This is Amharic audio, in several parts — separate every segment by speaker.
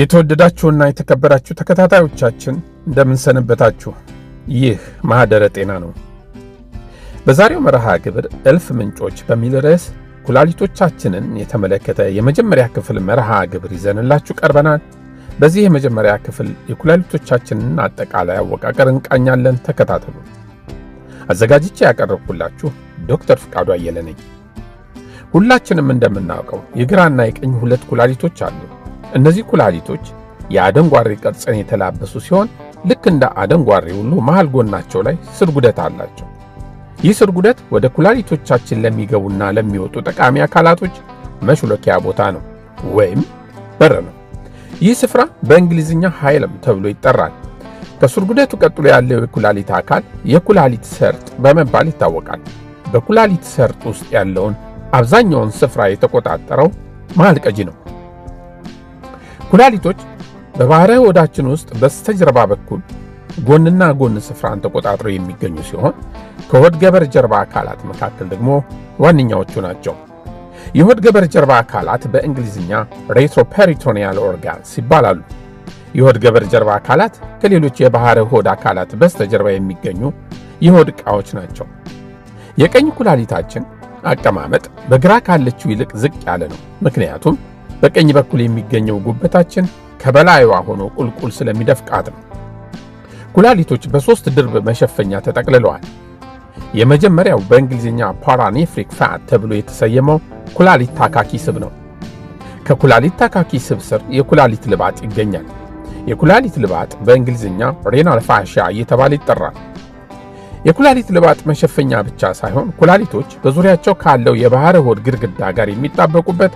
Speaker 1: የተወደዳችሁና የተከበራችሁ ተከታታዮቻችን እንደምንሰነበታችሁ፣ ይህ ማኅደረ ጤና ነው። በዛሬው መርሃ ግብር እልፍ ምንጮች በሚል ርዕስ ኩላሊቶቻችንን የተመለከተ የመጀመሪያ ክፍል መርሃ ግብር ይዘንላችሁ ቀርበናል። በዚህ የመጀመሪያ ክፍል የኩላሊቶቻችንን አጠቃላይ አወቃቀር እንቃኛለን። ተከታተሉ። አዘጋጅቼ ያቀረብኩላችሁ ዶክተር ፍቃዱ አየለ ነኝ። ሁላችንም እንደምናውቀው የግራና የቀኝ ሁለት ኩላሊቶች አሉ። እነዚህ ኩላሊቶች የአደንጓሬ ቅርጽን የተላበሱ ሲሆን ልክ እንደ አደንጓሬ ሁሉ መሃል ጎናቸው ላይ ስርጉደት ጉደት አላቸው። ይህ ስር ጉደት ወደ ኩላሊቶቻችን ለሚገቡና ለሚወጡ ጠቃሚ አካላቶች መሽሎኪያ ቦታ ነው ወይም በር ነው። ይህ ስፍራ በእንግሊዝኛ ሃይለም ተብሎ ይጠራል። ከስርጉደቱ ጉደቱ ቀጥሎ ያለው የኩላሊት አካል የኩላሊት ሰርጥ በመባል ይታወቃል። በኩላሊት ሰርጥ ውስጥ ያለውን አብዛኛውን ስፍራ የተቆጣጠረው መሃል ቀጂ ነው። ኩላሊቶች በባህረ ሆዳችን ውስጥ በስተጀርባ በኩል ጎንና ጎን ስፍራን ተቆጣጥረው የሚገኙ ሲሆን ከሆድ ገበር ጀርባ አካላት መካከል ደግሞ ዋነኛዎቹ ናቸው። የሆድ ገበር ጀርባ አካላት በእንግሊዝኛ ሬትሮፐሪቶኒያል ኦርጋንስ ይባላሉ። የሆድ ገበር ጀርባ አካላት ከሌሎች የባህረ ሆድ አካላት በስተጀርባ የሚገኙ የሆድ ዕቃዎች ናቸው። የቀኝ ኩላሊታችን አቀማመጥ በግራ ካለችው ይልቅ ዝቅ ያለ ነው። ምክንያቱም በቀኝ በኩል የሚገኘው ጉበታችን ከበላይዋ ሆኖ ቁልቁል ስለሚደፍቃት ነው። ኩላሊቶች በሦስት ድርብ መሸፈኛ ተጠቅልለዋል። የመጀመሪያው በእንግሊዝኛ ፓራኔፍሪክ ፋት ተብሎ የተሰየመው ኩላሊት ታካኪ ስብ ነው። ከኩላሊት ታካኪ ስብ ስር የኩላሊት ልባጥ ይገኛል። የኩላሊት ልባጥ በእንግሊዝኛ ሬናል ፋሻ እየተባለ ይጠራል። የኩላሊት ልባጥ መሸፈኛ ብቻ ሳይሆን ኩላሊቶች በዙሪያቸው ካለው የባሕረ ሆድ ግድግዳ ጋር የሚጣበቁበት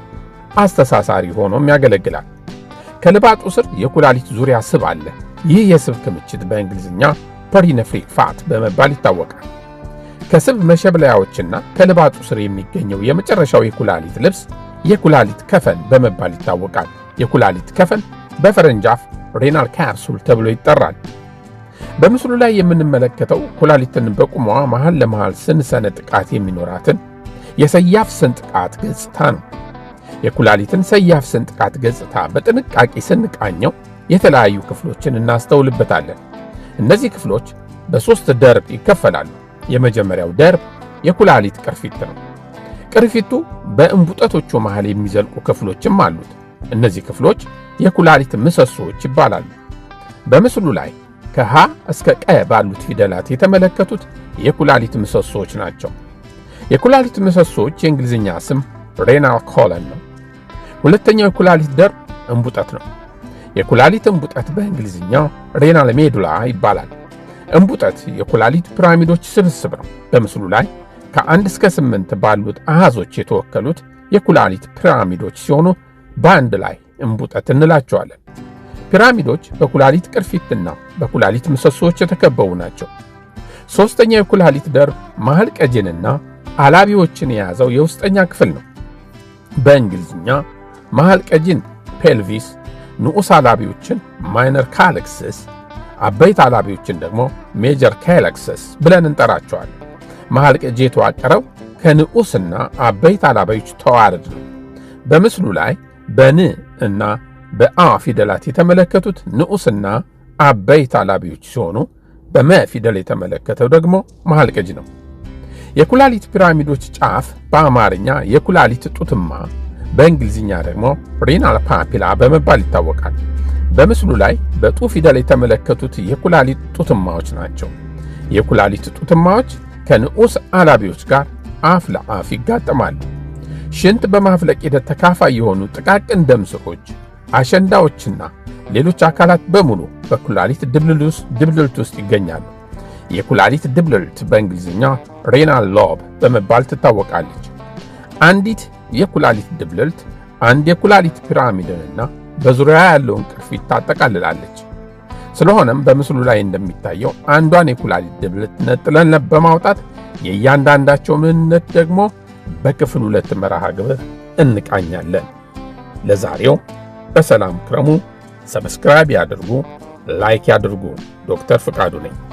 Speaker 1: አስተሳሳሪ ሆኖም ያገለግላል። ከልባጡ ስር የኩላሊት ዙሪያ ስብ አለ። ይህ የስብ ክምችት በእንግሊዝኛ ፐሪነፍሪክ ፋት በመባል ይታወቃል። ከስብ መሸብለያዎችና ከልባጡ ስር የሚገኘው የመጨረሻው የኩላሊት ልብስ የኩላሊት ከፈን በመባል ይታወቃል። የኩላሊት ከፈን በፈረንጃፍ ሬናል ካፕሱል ተብሎ ይጠራል። በምስሉ ላይ የምንመለከተው ኩላሊትን በቁሟ መሃል ለመሃል ስንሰነጥቃት የሚኖራትን የሰያፍ ስንጥቃት ገጽታ ነው። የኩላሊትን ሰያፍ ስንጥቃት ገጽታ በጥንቃቄ ስንቃኘው የተለያዩ ክፍሎችን እናስተውልበታለን። እነዚህ ክፍሎች በሦስት ደርብ ይከፈላሉ። የመጀመሪያው ደርብ የኩላሊት ቅርፊት ነው። ቅርፊቱ በእንቡጠቶቹ መሃል የሚዘልቁ ክፍሎችም አሉት። እነዚህ ክፍሎች የኩላሊት ምሰሶዎች ይባላሉ። በምስሉ ላይ ከሃ እስከ ቀ ባሉት ፊደላት የተመለከቱት የኩላሊት ምሰሶዎች ናቸው። የኩላሊት ምሰሶዎች የእንግሊዝኛ ስም ሬናል ኮለን ነው። ሁለተኛው የኩላሊት ደርብ እምቡጠት ነው። የኩላሊት እንቡጠት በእንግሊዝኛው ሬናል ሜዱላ ይባላል። እምቡጠት የኩላሊት ፒራሚዶች ስብስብ ነው። በምስሉ ላይ ከአንድ እስከ ስምንት ባሉት አሃዞች የተወከሉት የኩላሊት ፒራሚዶች ሲሆኑ በአንድ ላይ እምቡጠት እንላቸዋለን። ፒራሚዶች በኩላሊት ቅርፊትና በኩላሊት ምሰሶዎች የተከበቡ ናቸው። ሦስተኛው የኩላሊት ደርብ መሃል ቀጅንና አላቢዎችን የያዘው የውስጠኛ ክፍል ነው። በእንግሊዝኛ መሃል ቀይን ፔልቪስ፣ ንዑስ አላቢዎችን ማይነር ካልክስስ፣ አበይት አላቢዎችን ደግሞ ሜጀር ካልክስስ ብለን እንጠራቸዋለን። መሃል ቀጂ የተዋቀረው ከንዑስና አበይት አላቢዎች ተዋረድ ነው። በምስሉ ላይ በን እና በአ ፊደላት የተመለከቱት ንዑስና አበይት አላቢዎች ሲሆኑ በመ ፊደል የተመለከተው ደግሞ መሃል ቀጅ ነው። የኩላሊት ፒራሚዶች ጫፍ በአማርኛ የኩላሊት ጡትማ በእንግሊዝኛ ደግሞ ሪናል ፓፒላ በመባል ይታወቃል። በምስሉ ላይ በጡ ፊደል የተመለከቱት የኩላሊት ጡትማዎች ናቸው። የኩላሊት ጡትማዎች ከንዑስ አላቢዎች ጋር አፍ ለአፍ ይጋጠማሉ። ሽንት በማፍለቅ ሂደት ተካፋይ የሆኑ ጥቃቅን ደም ስሮች፣ አሸንዳዎችና ሌሎች አካላት በሙሉ በኩላሊት ድብልልት ውስጥ ይገኛሉ። የኩላሊት ድብልልት በእንግሊዝኛ ሬናል ሎብ በመባል ትታወቃለች። አንዲት የኩላሊት ድብልት፣ አንድ የኩላሊት ፒራሚድንና በዙሪያ ያለውን ቅርፊት ታጠቃልላለች። ስለሆነም በምስሉ ላይ እንደሚታየው አንዷን የኩላሊት ድብልት ነጥለን በማውጣት የእያንዳንዳቸው ምንነት ደግሞ በክፍል ሁለት መርሃ ግብር እንቃኛለን። ለዛሬው በሰላም ክረሙ። ሰብስክራይብ ያድርጉ፣ ላይክ ያድርጉ። ዶክተር ፍቃዱ ነኝ።